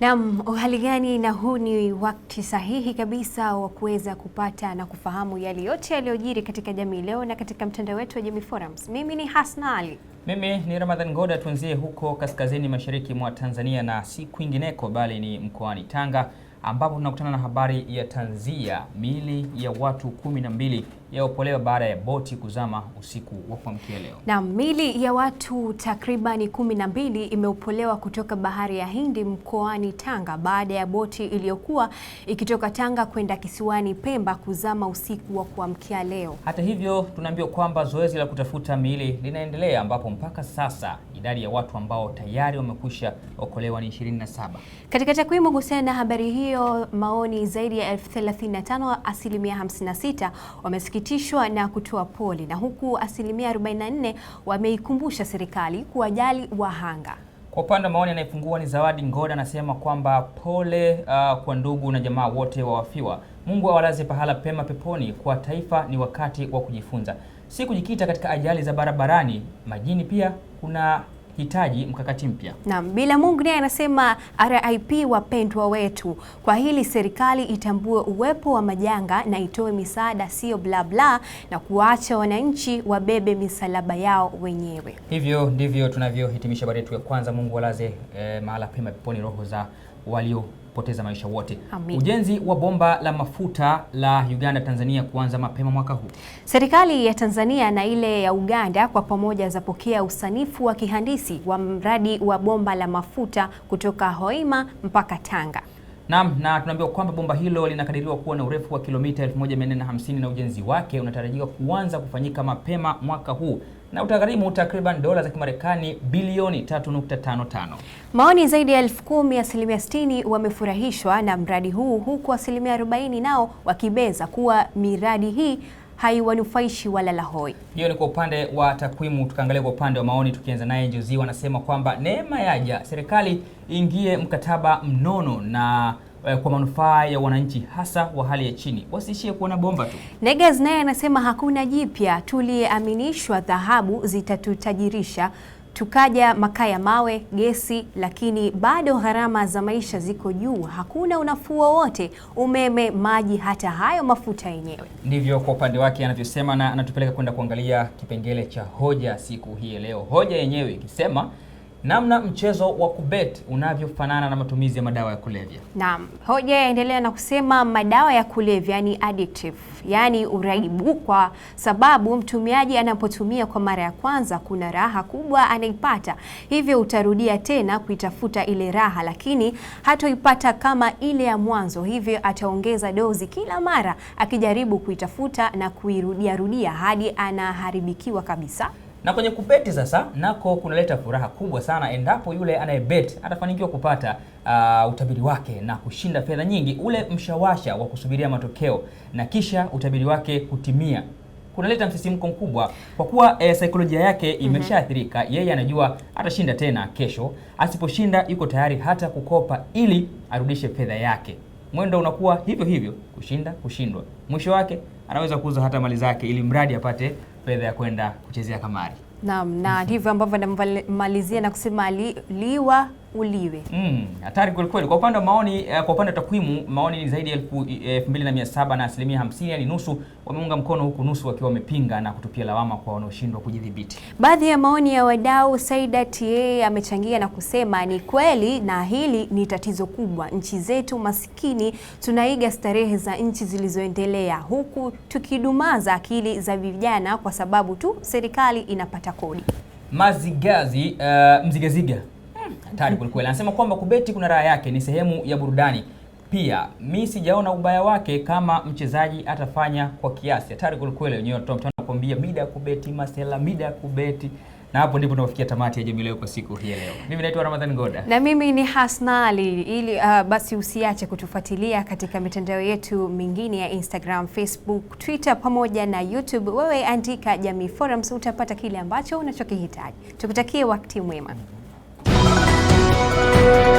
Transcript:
Naam, uhali gani? Na huu ni wakati sahihi kabisa wa kuweza kupata na kufahamu yale yote yaliyojiri katika jamii leo na katika mtandao wetu wa Jamii Forums. Mimi ni Hasna Ali. Mimi ni Ramadhan goda Tuanzie huko kaskazini mashariki mwa Tanzania na si kwingineko, bali ni mkoani Tanga ambapo tunakutana na habari ya tanzia. Miili ya watu kumi na mbili yaopolewa baada ya boti kuzama usiku wa kuamkia leo. Na miili ya watu takribani kumi na mbili imeopolewa kutoka bahari ya Hindi mkoani Tanga baada ya boti iliyokuwa ikitoka Tanga kwenda kisiwani Pemba kuzama usiku wa kuamkia leo. Hata hivyo, tunaambiwa kwamba zoezi la kutafuta miili linaendelea ambapo mpaka sasa idadi ya watu ambao tayari wamekwisha okolewa ni 27. Katika takwimu kuhusiana na habari hii hiyo maoni zaidi ya elfu 35, asilimia 56 wamesikitishwa na kutoa pole, na huku asilimia 44 wameikumbusha serikali kuwajali wahanga. Kwa upande wa maoni anayefungua ni Zawadi Ngoda, anasema kwamba pole uh, kwa ndugu na jamaa wote wa wafiwa. Mungu awalaze pahala pema peponi. Kwa taifa ni wakati wa kujifunza, si kujikita katika ajali za barabarani, majini. Pia kuna hitaji mkakati mpya. Naam, bila Mungu naye anasema RIP wapendwa wetu, kwa hili serikali itambue uwepo wa majanga na itoe misaada, sio bla bla, na kuwaacha wananchi wabebe misalaba yao wenyewe. Hivyo ndivyo tunavyohitimisha habari yetu ya kwanza. Mungu alaze eh, mahala pema peponi roho za walio kupoteza maisha wote. Amin. Ujenzi wa bomba la mafuta la Uganda Tanzania kuanza mapema mwaka huu. Serikali ya Tanzania na ile ya Uganda kwa pamoja zapokea usanifu wa kihandisi wa mradi wa bomba la mafuta kutoka Hoima mpaka Tanga. Naam, na tunaambiwa kwamba bomba hilo linakadiriwa kuwa na urefu wa kilomita 1450 na ujenzi wake unatarajiwa kuanza kufanyika mapema mwaka huu na utagharimu takriban dola za Kimarekani bilioni 3.55. Maoni zaidi ya elfu kumi, asilimia 60 wamefurahishwa na mradi huu huku asilimia 40 nao wakibeza kuwa miradi hii haiwanufaishi wala lahoi. Hiyo ni kwa upande wa takwimu. Tukaangalia kwa upande wa maoni, tukianza naye Jozi wanasema kwamba neema yaja, serikali ingie mkataba mnono na eh, kwa manufaa ya wananchi hasa wa hali ya chini, wasiishie kuona bomba tu. Negas naye anasema hakuna jipya, tuliyeaminishwa dhahabu zitatutajirisha tukaja makaa ya mawe, gesi, lakini bado gharama za maisha ziko juu, hakuna unafuu wowote, umeme, maji, hata hayo mafuta yenyewe. Ndivyo kwa upande wake anavyosema, na anatupeleka kwenda kuangalia kipengele cha hoja siku hii leo, hoja yenyewe ikisema namna mchezo wa kubet unavyofanana na matumizi ya madawa ya kulevya. Naam, hoja yaendelea na kusema madawa ya kulevya ni addictive, yaani uraibu, kwa sababu mtumiaji anapotumia kwa mara ya kwanza kuna raha kubwa anaipata, hivyo utarudia tena kuitafuta ile raha, lakini hatoipata kama ile ya mwanzo, hivyo ataongeza dozi kila mara akijaribu kuitafuta na kuirudiarudia hadi anaharibikiwa kabisa. Na kwenye kubeti sasa nako kunaleta furaha kubwa sana endapo yule anayebet atafanikiwa kupata uh, utabiri wake na kushinda fedha nyingi. Ule mshawasha wa kusubiria matokeo na kisha utabiri wake kutimia kunaleta msisimko mkubwa kwa kuwa e, saikolojia yake mhm. imeshaathirika. mm -hmm. Yeye anajua atashinda tena kesho, asiposhinda yuko tayari hata kukopa ili arudishe fedha yake. Mwendo unakuwa hivyo hivyo, kushinda kushindwa, mwisho wake anaweza kuuza hata mali zake ili mradi apate fedha ya kwenda kuchezea kamari. Naam, na hivyo ambavyo namalizia na kusema liwa uliwe. Mm, hatari kweli kweli. Kwa upande wa maoni, eh, kwa upande wa takwimu, maoni ni zaidi ya 2700 eh, na asilimia 50, yani nusu wameunga mkono, huku nusu wakiwa wamepinga na kutupia lawama kwa wanaoshindwa kujidhibiti. Baadhi ya maoni ya wadau, saida ta amechangia na kusema ni kweli, na hili ni tatizo kubwa. Nchi zetu masikini tunaiga starehe za nchi zilizoendelea, huku tukidumaza akili za vijana kwa sababu tu serikali inapata kodi. Mazigazi uh, mzigaziga hatari kwelikweli. Anasema kwamba kubeti kuna raha yake, ni sehemu ya burudani pia. Mi sijaona ubaya wake kama mchezaji atafanya kwa kiasi. Hatari kwelikweli, wenyewe anakuambia mida ya kubeti masela, mida ya kubeti na hapo ndipo tunafikia tamati ya Jamii Leo kwa siku hii leo. Mimi naitwa Ramadhani Ngoda na mimi ni Hasna Ali. Ili uh, basi usiache kutufuatilia katika mitandao yetu mingine ya Instagram, Facebook, Twitter pamoja na YouTube. Wewe andika Jamii Forums utapata kile ambacho unachokihitaji. Tukutakie wakati mwema. thank you